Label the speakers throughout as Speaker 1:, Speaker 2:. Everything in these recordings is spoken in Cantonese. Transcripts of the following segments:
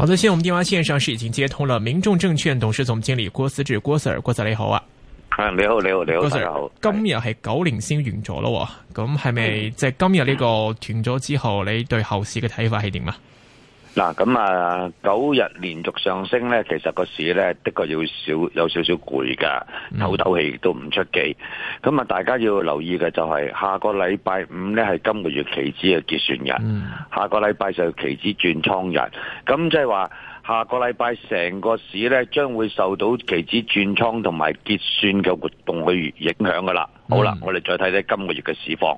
Speaker 1: 好的，先，我們電話線上是已經接通了。民眾證券董事總經理郭思治，郭 Sir，郭 Sir 你好啊。
Speaker 2: 係你好，你好，你好，郭 Sir 好。
Speaker 1: 今日係九連升完咗咯，咁係咪即係今日呢個斷咗之後，嗯、你對後市嘅睇法係點啊？
Speaker 2: 嗱咁啊，九日連續上升咧，其實個市咧的確要少有少少攰噶，唞唞氣都唔出奇。咁啊，大家要留意嘅就係、是、下個禮拜五咧係今個月期指嘅結算、嗯、日，下個禮拜就期指轉倉日。咁即係話下個禮拜成個市咧將會受到期指轉倉同埋結算嘅活動去影響噶啦。嗯、好啦，我哋再睇睇今個月嘅市況。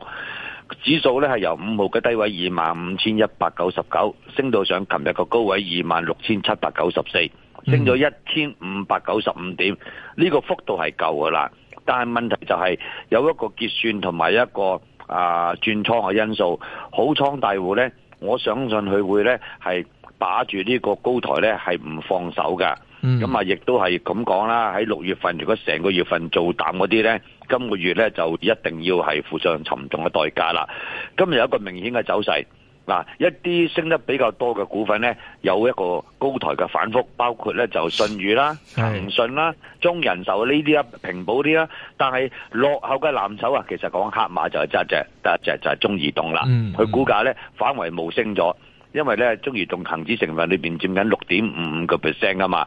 Speaker 2: 指數咧係由五號嘅低位二萬五千一百九十九，升到上琴日個高位二萬六千七百九十四，升咗一千五百九十五點，呢個幅度係夠嘅啦。但係問題就係有一個結算同埋一個啊轉倉嘅因素，好倉大戶呢，我相信佢會呢係把住呢個高台呢係唔放手㗎。咁啊，嗯、亦都係咁講啦。喺六月份，如果成個月份做淡嗰啲呢，今個月呢就一定要係付上沉重嘅代價啦。今日有一個明顯嘅走勢，嗱，一啲升得比較多嘅股份呢，有一個高台嘅反覆，包括呢就信譽啦、騰訊啦、中人壽呢啲啊、平保啲啊。但係落後嘅藍籌啊，其實講黑馬就係揸隻，得一隻就係中移動啦。佢、嗯嗯、股價呢，反為無升咗。因為咧，中移動恆指成分裏邊佔緊六點五五個 percent 啊嘛，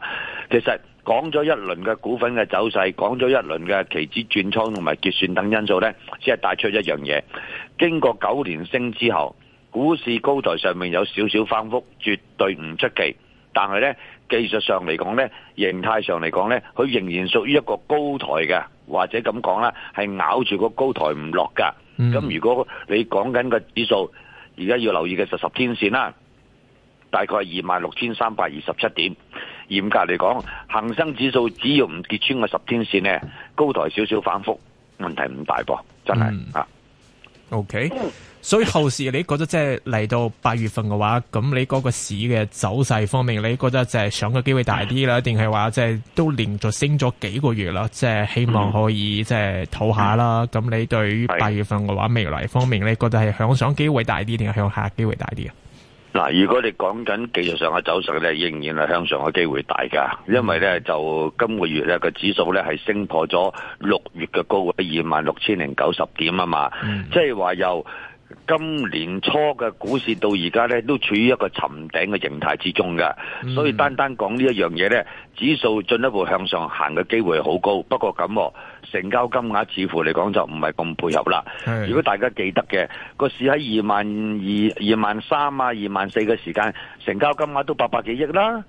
Speaker 2: 其實講咗一輪嘅股份嘅走勢，講咗一輪嘅期指轉倉同埋結算等因素咧，只係帶出一樣嘢。經過九連升之後，股市高台上面有少少翻覆，絕對唔出奇。但係咧，技術上嚟講咧，形態上嚟講咧，佢仍然屬於一個高台嘅，或者咁講啦，係咬住個高台唔落㗎。咁如果你講緊個指數，而家要留意嘅就十天線啦，大概二萬六千三百二十七點。嚴格嚟講，恒生指數只要唔跌穿個十天線咧，高台少少反覆，問題唔大噃，真係啊！嗯
Speaker 1: OK，oh. 所以後市你覺得，即係嚟到八月份嘅話，咁你嗰個市嘅走勢方面，你覺得即係上嘅機會大啲啦，定係話即係都連續升咗幾個月啦，即係希望可以即係討下啦。咁、mm. 你對於八月份嘅話未來方面，你覺得係向上機會大啲，定係向下機會大啲啊？
Speaker 2: 嗱，如果你講緊技術上嘅走勢咧，仍然係向上嘅機會大㗎，因為咧就今個月咧個指數咧係升破咗六月嘅高位二萬六千零九十點啊嘛，即係話又。今年初嘅股市到而家咧，都處於一個沉頂嘅形態之中嘅，嗯、所以單單講呢一樣嘢咧，指數進一步向上行嘅機會好高。不過咁，成交金額似乎嚟講就唔係咁配合啦。的如果大家記得嘅個市喺二萬二、二萬三啊、二萬四嘅時間，成交金額都八百幾億啦。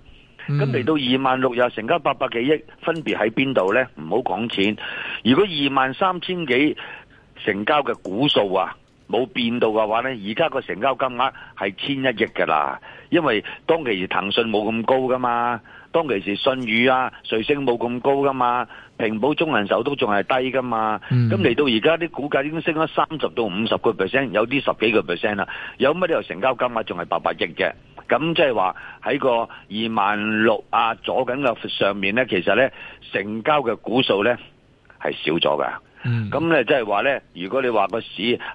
Speaker 2: 咁嚟、嗯、到二萬六又成交八百幾億，分別喺邊度咧？唔好講錢。如果二萬三千幾成交嘅股數啊？冇變到嘅話呢，而家個成交金額係千一億㗎啦。因為當其時騰訊冇咁高噶嘛，當其時信譽啊、瑞星冇咁高噶嘛，平保、中銀、壽都仲係低噶嘛。咁嚟、嗯、到而家啲股價已經升咗三十到五十個 percent，有啲十幾個 percent 啦。有乜理由成交金額仲係八百億嘅？咁即係話喺個二萬六啊左近嘅上面呢，其實呢，成交嘅股數呢係少咗㗎。咁咧，即係話咧，如果你話個市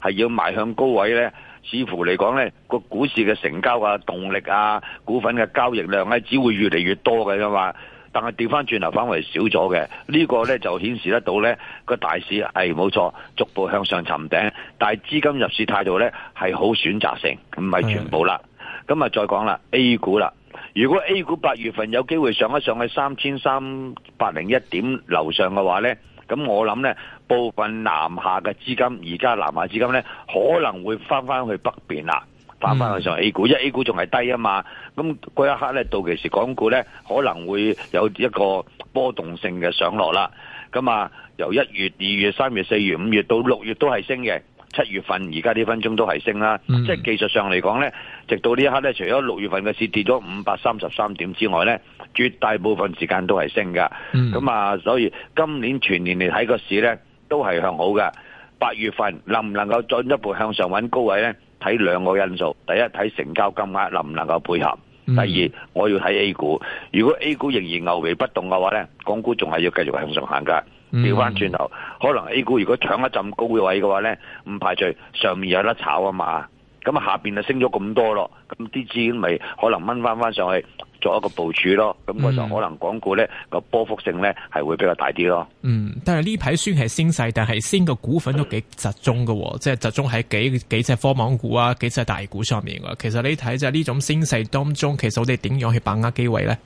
Speaker 2: 係要邁向高位咧，似乎嚟講咧，個股市嘅成交啊、動力啊、股份嘅交易量咧，只會越嚟越多嘅咋嘛？但係調翻轉頭反為少咗嘅，這個、呢個咧就顯示得到咧，個大市係冇錯，逐步向上沉頂，但係資金入市態度咧係好選擇性，唔係全部啦。咁啊的，就再講啦，A 股啦，如果 A 股八月份有機會上一上去三千三百零一點樓上嘅話咧。咁我諗呢部分南下嘅資金，而家南下資金呢可能會翻翻去北邊啦，翻翻去上 A 股，因為 A 股仲係低啊嘛。咁嗰一刻呢，到期時港股呢可能會有一個波動性嘅上落啦。咁啊，由一月、二月、三月、四月、五月到六月都係升嘅。七月份而家呢分鐘都係升啦，嗯、即係技術上嚟講呢，直到呢一刻呢，除咗六月份嘅市跌咗五百三十三點之外呢，絕大部分時間都係升噶。咁、嗯、啊，所以今年全年嚟睇個市呢，都係向好嘅。八月份能唔能夠進一步向上揾高位呢？睇兩個因素，第一睇成交金額能唔能夠配合，第二我要睇 A 股。如果 A 股仍然牛皮不動嘅話呢，港股仲係要繼續向上行噶。調翻轉頭，可能 A 股如果搶一陣高嘅位嘅話咧，唔排除上面有得炒啊嘛。咁啊下邊就升咗咁多咯，咁啲資金咪可能掹翻翻上去做一個部署咯。咁我就可能港股咧個波幅性咧係會比較大啲咯。嗯，
Speaker 1: 但係呢排算係升勢，但係升個股份都幾集中噶，嗯、即係集中喺幾幾隻科網股啊，幾隻大股上面噶。其實你睇就係呢種升勢當中，其實我哋點樣去把握機會咧？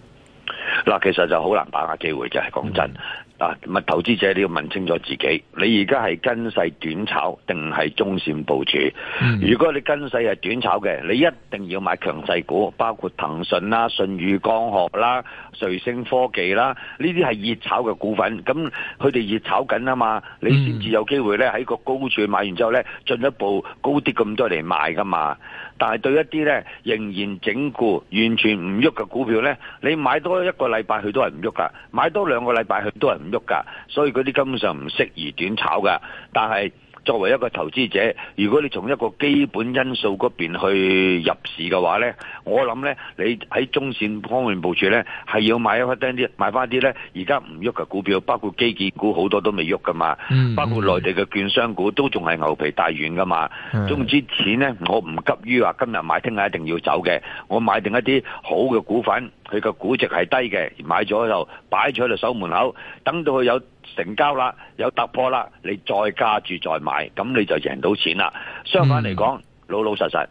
Speaker 2: 嗱，其實就好難把握機會嘅，講真。嗯啊，物投資者你要問清楚自己，你而家係跟勢短炒定係中線部署？嗯、如果你跟勢係短炒嘅，你一定要買強勢股，包括騰訊啦、舜宇光學啦、瑞星科技啦，呢啲係熱炒嘅股份。咁佢哋熱炒緊啊嘛，你先至有機會咧喺個高處買完之後咧，進一步高啲咁多嚟賣噶嘛。但係對一啲咧仍然整固完全唔喐嘅股票咧，你買多一個禮拜佢都係唔喐噶，買多兩個禮拜佢都係唔喐噶，所以嗰啲根本上唔適宜短炒噶，但係，作為一個投資者，如果你從一個基本因素嗰邊去入市嘅話呢，我諗呢，你喺中線方面部署呢，係要買一啲，買翻啲呢。而家唔喐嘅股票，包括基建股好多都未喐噶嘛，包括內地嘅券商股都仲係牛皮大軟噶嘛。總之，錢呢，我唔急於話今日買聽日一定要走嘅，我買定一啲好嘅股份，佢嘅估值係低嘅，買咗喺度，擺咗喺度守門口，等到佢有，成交啦，有突破啦，你再加住再買，咁你就贏到錢啦。相反嚟講，嗯、老老實實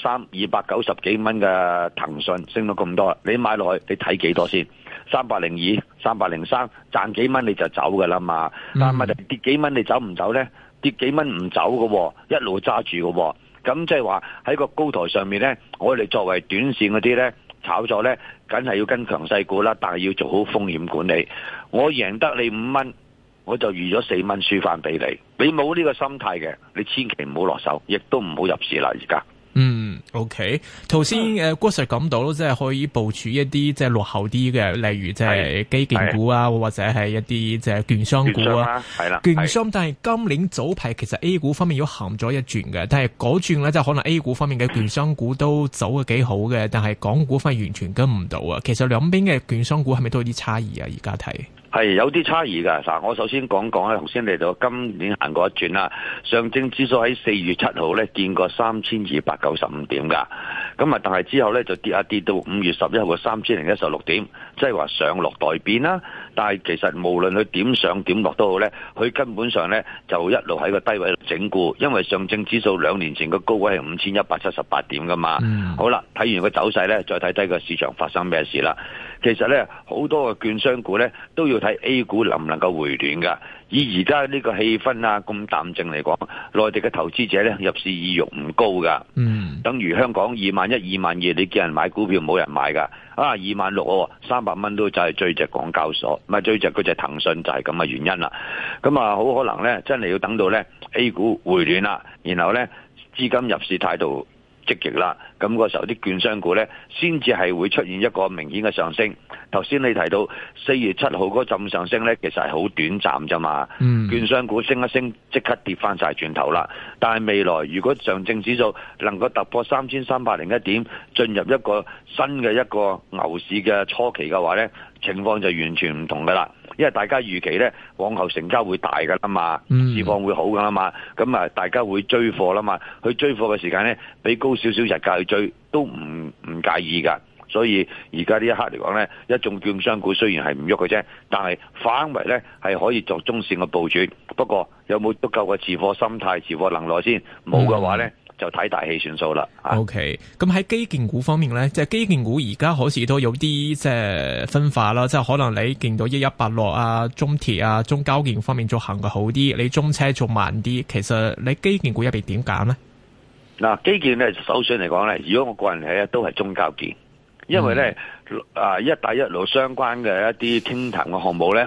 Speaker 2: 三二百九十幾蚊嘅騰訊升到咁多啦，你買落去你睇幾多先？三百零二、三百零三，賺幾蚊你就走噶啦嘛。嗯、但係就跌幾蚊你走唔走呢？跌幾蚊唔走嘅，哦，一路揸住嘅。咁即係話喺個高台上面呢，我哋作為短線嗰啲呢。炒作咧，梗係要跟強勢股啦，但係要做好風險管理。我贏得你五蚊，我就預咗四蚊輸翻俾你。你冇呢個心態嘅，你千祈唔好落手，亦都唔好入市啦。而家。
Speaker 1: 嗯，OK，頭先誒，郭 Sir 講到即係可以部署一啲即係落後啲嘅，例如即係基建股啊，的或者係一啲即係券商股啊，係啦、啊，券商。但係今年早排其實 A 股方面都行咗一轉嘅，但係嗰轉咧就可能 A 股方面嘅券商股都走得幾好嘅，但係港股反而完全跟唔到啊。其實兩邊嘅券商股係咪都有啲差異啊？而家睇。
Speaker 2: 係有啲差異㗎，嗱，我首先講講咧，頭先你到今年行過一轉啦，上證指數喺四月七號咧見過三千二百九十五點㗎。咁啊，但係之後咧就跌呀跌到五月十一號嘅三千零一十六點，即係話上落待變啦。但係其實無論佢點上點落都好咧，佢根本上咧就一路喺個低位整固，因為上證指數兩年前個高位係五千一百七十八點㗎嘛。Mm. 好啦，睇完個走勢咧，再睇睇個市場發生咩事啦。其實咧，好多嘅券商股咧都要睇 A 股能唔能夠回暖噶。以而家呢個氣氛啊，咁淡靜嚟講，內地嘅投資者咧入市意欲唔高噶。嗯，等於香港二萬一二萬二，你見人買股票冇人買噶。啊，二萬六喎，三百蚊都就係追隻港交所，唔係追隻嗰隻騰訊，就係咁嘅原因啦。咁啊，好可能咧，真係要等到咧 A 股回暖啦，然後咧資金入市態度，積極啦，咁個時候啲券商股呢，先至係會出現一個明顯嘅上升。頭先你提到四月七號嗰陣上升呢，其實係好短暫咋嘛。Mm. 券商股升一升，即刻跌翻晒轉頭啦。但係未來如果上證指數能夠突破三千三百零一點，進入一個新嘅一個牛市嘅初期嘅話呢，情況就完全唔同噶啦。因為大家預期呢，往後成交會大噶啦嘛，市況會好噶啦嘛，咁啊大家會追貨啦嘛，去追貨嘅時間呢，俾高少少日價去追都唔唔介意噶，所以而家呢一刻嚟講呢，一眾券商股雖然係唔喐嘅啫，但係反為呢，係可以作中線嘅部署。不過有冇足夠嘅持貨心態、持貨能耐先？冇嘅話呢。就睇大市算數啦。
Speaker 1: O K，咁喺基建股方面呢，即係基建股而家好似都有啲即係分化啦，即係可能你見到一一八六啊、中鐵啊、中交建方面做行嘅好啲，你中車做慢啲。其實你基建股入邊點揀呢？
Speaker 2: 嗱，基建呢，首選嚟講呢，如果我個人睇都係中交建，
Speaker 1: 因為呢
Speaker 2: ，mm hmm. 啊，一帶一路相關嘅一啲輕談嘅項目呢。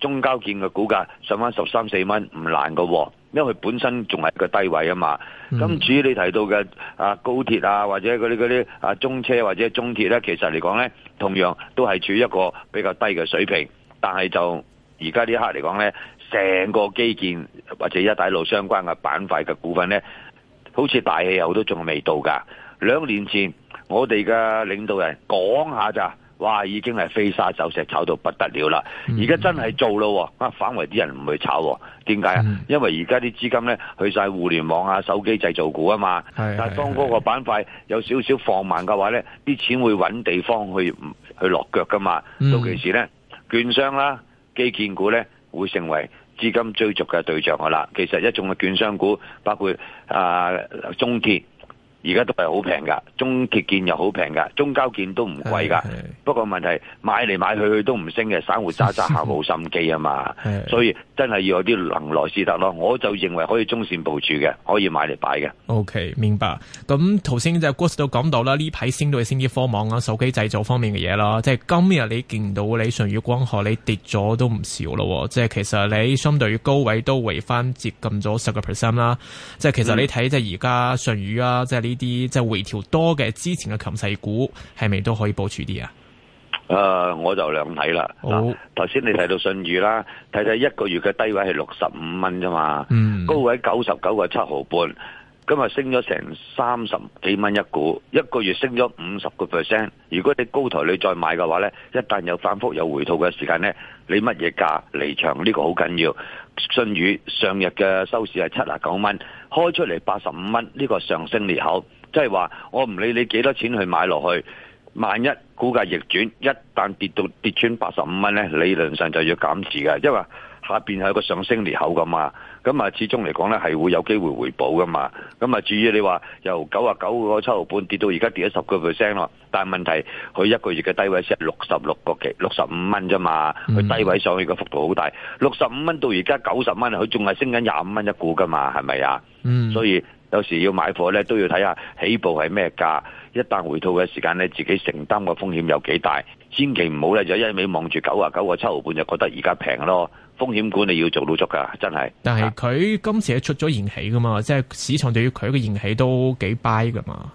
Speaker 2: 中交建嘅股價上翻十三四蚊唔難喎、哦，因為佢本身仲係個低位啊嘛。咁、嗯、至於你提到嘅啊高鐵啊，或者嗰啲嗰啲啊中車或者中鐵咧、啊，其實嚟講咧，同樣都係處於一個比較低嘅水平。但係就而家呢一刻嚟講咧，成個基建或者一帶路相關嘅板塊嘅股份咧，好似大氣候都仲未到㗎。兩年前我哋嘅領導人講下咋？哇！已經係飛沙走石，炒到不得了啦！嗯，現在了哦、而家真係做咯，啊反為啲人唔去炒、哦，點解啊？嗯、因為而家啲資金咧去曬互聯網啊、手機製造股啊嘛，但係當嗰個板塊有少少放慢嘅話咧，啲錢會揾地方去去落腳噶嘛。嗯、到其時咧，券商啦、啊、基建股咧會成為資金追逐嘅對象噶啦。其實一眾嘅券商股，包括啊、呃、中鐵。而家都係好平噶，中鐵建又好平噶，中交建都唔貴噶。係係係，不過問題買嚟買去，去都唔升嘅，散戶揸揸下冇心機啊嘛。係係，所以真係要有啲能耐先得咯。我就認為可以中線部署嘅，可以買嚟擺嘅。
Speaker 1: O、okay, K，明白。咁頭先就郭叔都講到啦，呢排升到係先啲科網啊、手機製造方面嘅嘢啦。即係今日你見到你順宇光學你跌咗都唔少咯。即係其實你相對於高位都回翻接近咗十個 percent 啦。即係其實你睇、嗯、即係而家順宇啊，即係呢。啲就回調多嘅之前嘅強勢股，係咪都可以保住啲啊？
Speaker 2: 誒、呃，我就兩睇啦。好，頭先你提到信譽啦，睇睇一個月嘅低位係六十五蚊啫嘛，mm。高位九十九個七毫半。今日升咗成三十幾蚊一股，一個月升咗五十個 percent。如果你高台你再買嘅話呢，一旦有反覆有回吐嘅時間呢，你乜嘢價離場呢？呢個好緊要。信宇上日嘅收市係七啊九蚊，開出嚟八十五蚊，呢、呢個上升裂口，即係話我唔理你幾多錢去買落去，萬一股價逆轉，一旦跌到跌穿八十五蚊呢，理論上就要減持㗎，因為。下邊係一個上升裂口噶嘛，咁啊，始終嚟講咧係會有機會回補噶嘛。咁啊，至於你話由九啊九個七毫半跌到而家跌咗十個 percent 咯，但係問題佢一個月嘅低位先六十六個幾六十五蚊啫嘛，佢低位上去嘅幅度好大，六十五蚊到而家九十蚊，佢仲係升緊廿五蚊一股噶嘛，係咪啊？Mm. 所以有時要買貨咧都要睇下起步係咩價，一旦回吐嘅時間咧，自己承擔個風險有幾大，千祈唔好咧就一味望住九啊九個七毫半就覺得而家平咯。風險管理要做到足噶，真係。
Speaker 1: 但係佢今次係出咗盈喜噶嘛，即係市場對佢嘅盈喜都幾 buy 噶嘛。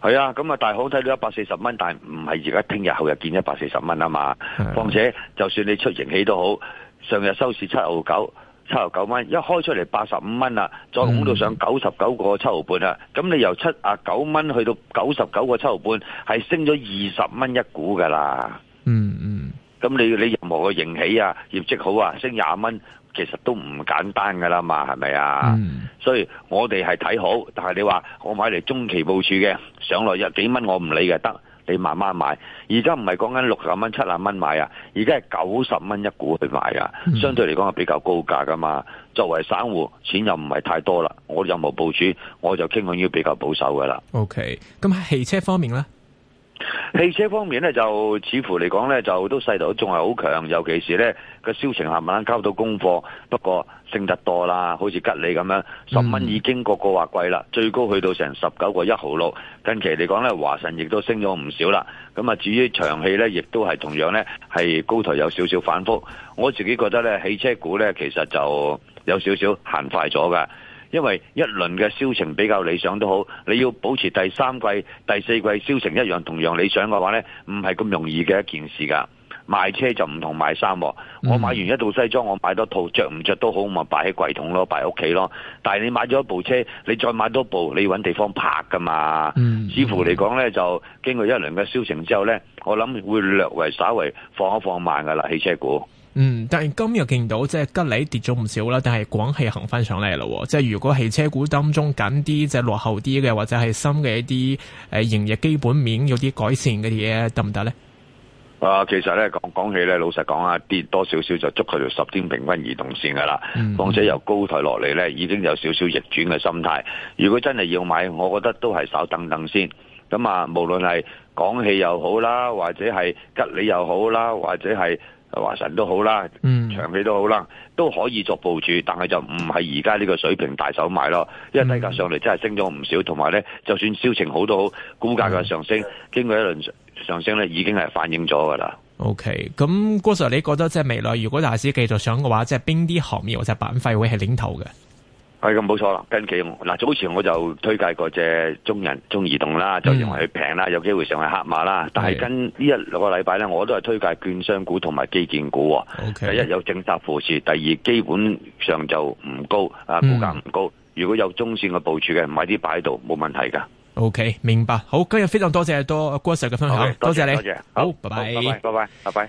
Speaker 2: 係啊，咁啊，大行睇到一百四十蚊，但係唔係而家聽日後日見一百四十蚊啊嘛。況且就算你出盈喜都好，上日收市七毫九、七毫九蚊，一開出嚟八十五蚊啦，再搵到上九十九個七毫半啦。咁，嗯、你由七啊九蚊去到九十九個七毫半，係升咗二十蚊一股噶啦。嗯嗯。咁你你任何個盈喜啊，業績好啊，升廿蚊，其實都唔簡單噶啦嘛，係咪啊？嗯、所以我哋係睇好，但係你話我買嚟中期部署嘅，上落日幾蚊我唔理嘅，得你慢慢買。而家唔係講緊六十蚊、七十蚊買啊，而家係九十蚊一股去買啊，相對嚟講係比較高價噶嘛。嗯、作為散戶，錢又唔係太多啦，我任何部署，我就傾向要比較保守噶啦。
Speaker 1: O K. 咁喺汽車方面呢？
Speaker 2: 汽車方面咧就似乎嚟講咧就都勢頭仲係好強，尤其是咧個銷情下猛交到功課，不過升得多啦，好似吉利咁樣，十蚊已經個個話貴啦，最高去到成十九個一毫六。近期嚟講咧，華晨亦都升咗唔少啦。咁啊，至於長汽咧，亦都係同樣咧係高台有少少反覆。我自己覺得咧，汽車股咧其實就有少少行快咗㗎。因為一輪嘅銷情比較理想都好，你要保持第三季、第四季銷情一樣同樣理想嘅話呢，唔係咁容易嘅一件事噶。賣車就唔同賣衫，啊，我買完一套西裝，我買多套着唔着都好，我咪擺喺櫃桶咯，擺喺屋企咯。但係你買咗一部車，你再買多部，你搵揾地方泊噶嘛。嗯嗯，似乎嚟講呢，就經過一輪嘅銷情之後呢，我諗會略為稍微放一放慢噶啦，汽車股。
Speaker 1: 嗯，但係今日見到即係吉利跌咗唔少啦，但係廣汽行翻上嚟啦。即係如果汽車股當中揀啲即係落後啲嘅，或者係新嘅一啲誒、呃、營業基本面有啲改善嘅嘢，得唔得呢？
Speaker 2: 啊，其實咧講講起咧，老實講啊，跌多少少就觸佢條十天平均移動線噶啦，況且、嗯嗯、由高台落嚟呢，已經有少少逆轉嘅心態。如果真係要買，我覺得都係稍，稍等等先。咁啊，無論係廣汽又好啦，或者係吉利又好啦，或者係。華晨都好啦、長期都好啦，都可以作部署，但係就唔係而家呢個水平大手買咯，因為低價上嚟真係升咗唔少，同埋咧，就算銷情好都好，股價嘅上升經過一輪上升咧，已經係反映咗噶啦。
Speaker 1: OK，咁郭 Sir 你覺得即係未來如果大市繼續上嘅話，即係邊啲行業或者板塊會係領頭嘅？
Speaker 2: 係咁冇錯啦，近期，嗱早前我就推介過隻中人中移動啦，就認為平啦，有機會上去黑馬啦。但係跟呢一兩個禮拜咧，我都係推介券商股同埋基建股。Okay. 第一有政策扶持，第二基本上就唔高啊，股價唔高。嗯、如果有中線嘅部署嘅，買啲擺喺度冇問題噶。
Speaker 1: OK，明白。好，今日非常多謝阿郭 Sir 嘅分享，okay, 多謝，多謝你。多謝，好，拜拜，拜拜，拜拜。